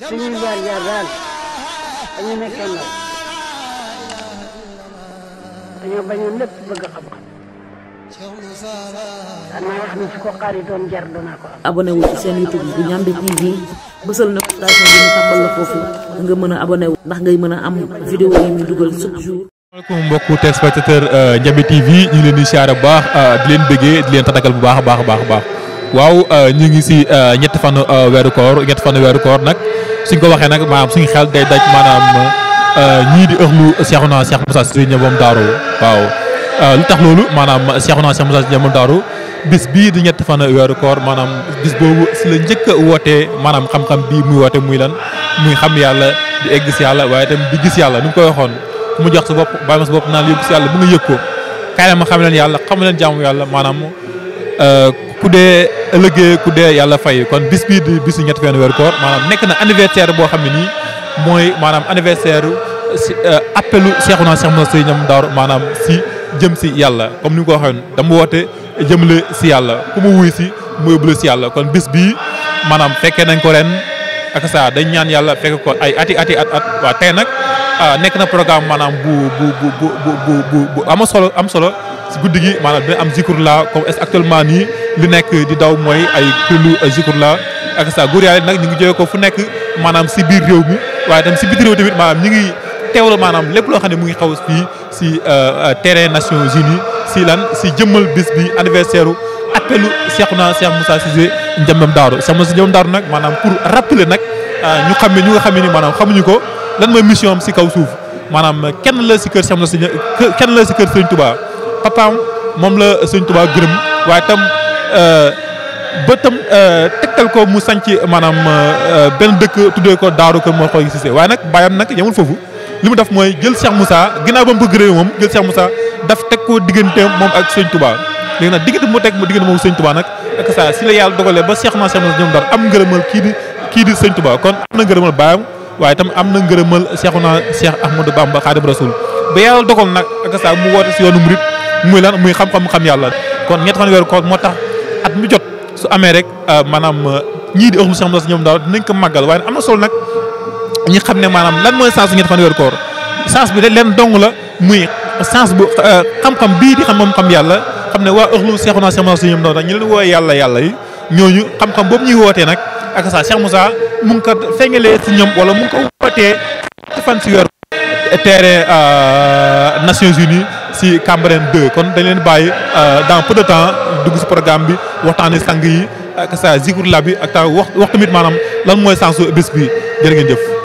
suñuy jaar-jaar daal dañu su wu ci seen YouTube bu Ndiamé TV bësal na station bi ñu tàmbal la foofu nga mën a abonné wu ndax ngay mën a am vidéo yi ñu dugal chaque jour. maaleykum mbokku téléspectateur euh, Ndiamé TV ñu leen di siyaare bu baax euh, di leen bëggee di leen tatagal bu baax a baax a baax. waaw euh, ñu ngi si euh, ñetti fan euh, weeru cor ñett fan weeru koor nag suñ ko waxee nag maanaam suñu xel day daj maanaam ñii di ëxlu Cheikhouna Cheikh Moussa Cissé moom daaru waaw lu tax loolu maanaam Cheikhouna Cheikh Moussa Cissé moom daaru bis bii di ñetti fan weeru koor maanaam bis boobu si la njëkk a wootee maanaam xam-xam bii muy woote muy lan muy xam yàlla di egg si yàlla waaye tam di gis yàlla ni mu ko waxoon mu jox sa bopp bàyyi ma sa bopp naan yóbbu yàlla mu nga yëg ko kaay xam leen yàlla xam leen jaamu yàlla maanaam ku dee ëllëgee ku dee yàlla fay kon bis bii di ñett ñetti fan weeru koor maanaam nekk na anniversaire boo xam ne nii mooy maanaam anniversaire si euh, appelu Seexuna Seex Muhammad Sëriñ Am maanaam si jëm si yàlla comme ni nga ko waxee dama woote jëmle si yàlla ku mu wuy si mu yóbbu la si yàlla kon bis bii maanaam fekkee nañ ko ren ak saa dañ ñaan yàlla fekk ko ay ati ati at at waa tey nag euh, nekk na programme maanaam bu bu bu bu bu bu am a solo am solo. si guddi gi maanaam dina nii li nekk di daw mooy ay këllu euh, Zikroullah ak sa góor nag ñu ngi jóge ko fu nekk maanaam si biir réew mi waaye tam si biti réew tamit maanaam ñu ngi teewlu maanaam lépp loo xam ne mu ngi xaw fii si euh, euh, terrain Nations Unies si lan si jëmmal bis bi anniversaire u appelu Cheikhouna Cheikh Moussa Cissé Ndiambam Daaru Cheikh Moussa Ndiambam Daaru nag maanaam pour rappeler nag ñu xam ne ñu nga xam ni maanaam xamuñu ko lan mooy mission am si kaw suuf maanaam kenn la si kër Cheikh Moussa kenn papaam moom la sëñ Tuubaa gërëm waaye tam euh, ba tam euh, tegtal ko mu sanc maanaam euh, benn dëkk tuddee ko daaru ko moo koy gisee waaye nag bàyyam nag yemul foofu li mu def mooy jël Cheikh Moussa ginnaaw ba mu ko moom jël Cheikh Moussa daf teg ko diggante moom ak sëñ Tuubaa léegi nag diggante mu teg mu diggante moom sëñ Tuubaa nag ak saa si la yàlla dogalee ba Cheikh Moussa ñoom daal am ngërëmal kii di kii di sëñ Tuubaa kon am na ngërëmal bàyyam waaye tam am na ngërëmal Cheikhouna Cheikh Ahmadou Bamba Khadim Rasoul ba yàlla dogal nag ak saa mu woote si yoonu muy lan muy xam-xam xam yàlla kon ñett fan weeru koor moo tax at mu jot su amee rek euh, maanaam euh, ñii di ëxlu si xam na si ñoom daal dinañ ko màggal waaye am na solo nag ñi xam ne maanaam lan mooy sens ñett fan weeru koor sens bi da leen dong la muy sens bu euh, xam-xam bii di xam moom xam yàlla xam ne waa ëxlu seexu naa si xam na si ñoom daal ñu leen woowe yàlla yàlla yi ñooñu xam-xam boobu ñuy wootee nag ak saa Cheikh Moussa mu ngi ko feeñalee si ñoom wala mu ngi ko wootee fan si weeru terrain euh, Nations Unies si Cambérène 2 kon dañ leen bàyyi euh, dans peu de temps dugg si programme bi waxtaanee sang yi ak sa zikur bi ak ta wax wax tamit maanaam lan mooy sensu bés bi jërë ngeen jëf.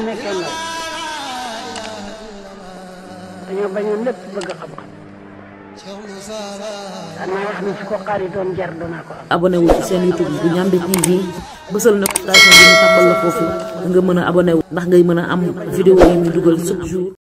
ñu nekkee ndaw dañoo bañoon lépp bëgg xam-xam. daanaka wax ni su ko xaaritoon jar danaa ko am. abonné wu ci seen YouTube bu Ndiamé TV bësal na station bi ñu tàmbal la foofu nga mën a abonné ndax ngay mën a am vidéo yi ñu dugal chaque jour.